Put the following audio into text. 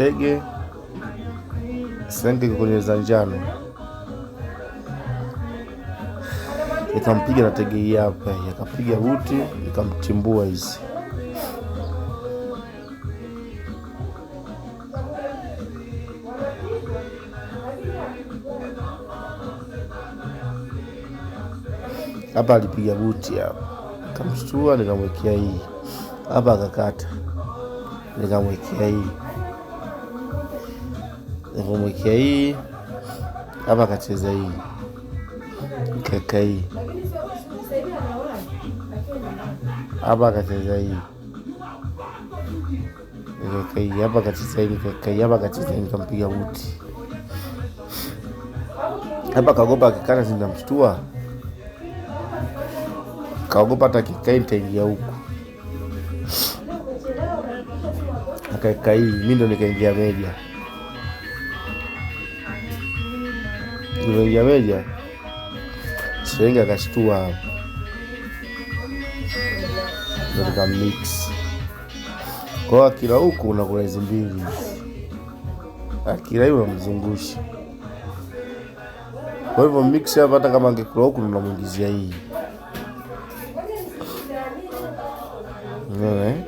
tege Senge kwenye za njano ikampiga na tege hapa, yakapiga buti ikamtimbua hizi hapa alipiga buti hapa, kamstua, nikamwekea hii hapa, akakata, nikamwekea hii nikamwekea hii hapa, akacheza hii kaka hii hapa, akacheza hii keka hii hapa, akacheza hii keka hii hapa, akacheza hii, nikampiga buti hapa, kaogopa akikana, zinamshtua kaogopa hata kikai nitaingia huku, akaeka mindo mi ndo nikaingia meja. Imejameja Swenga akashtua hapo, ndo tukamix kwao. Akila huku unakula hizi mbili, akila hiyo unamzungusha kwa hivyo mix hapa, hata kama angekula huku unamwingizia hii eh?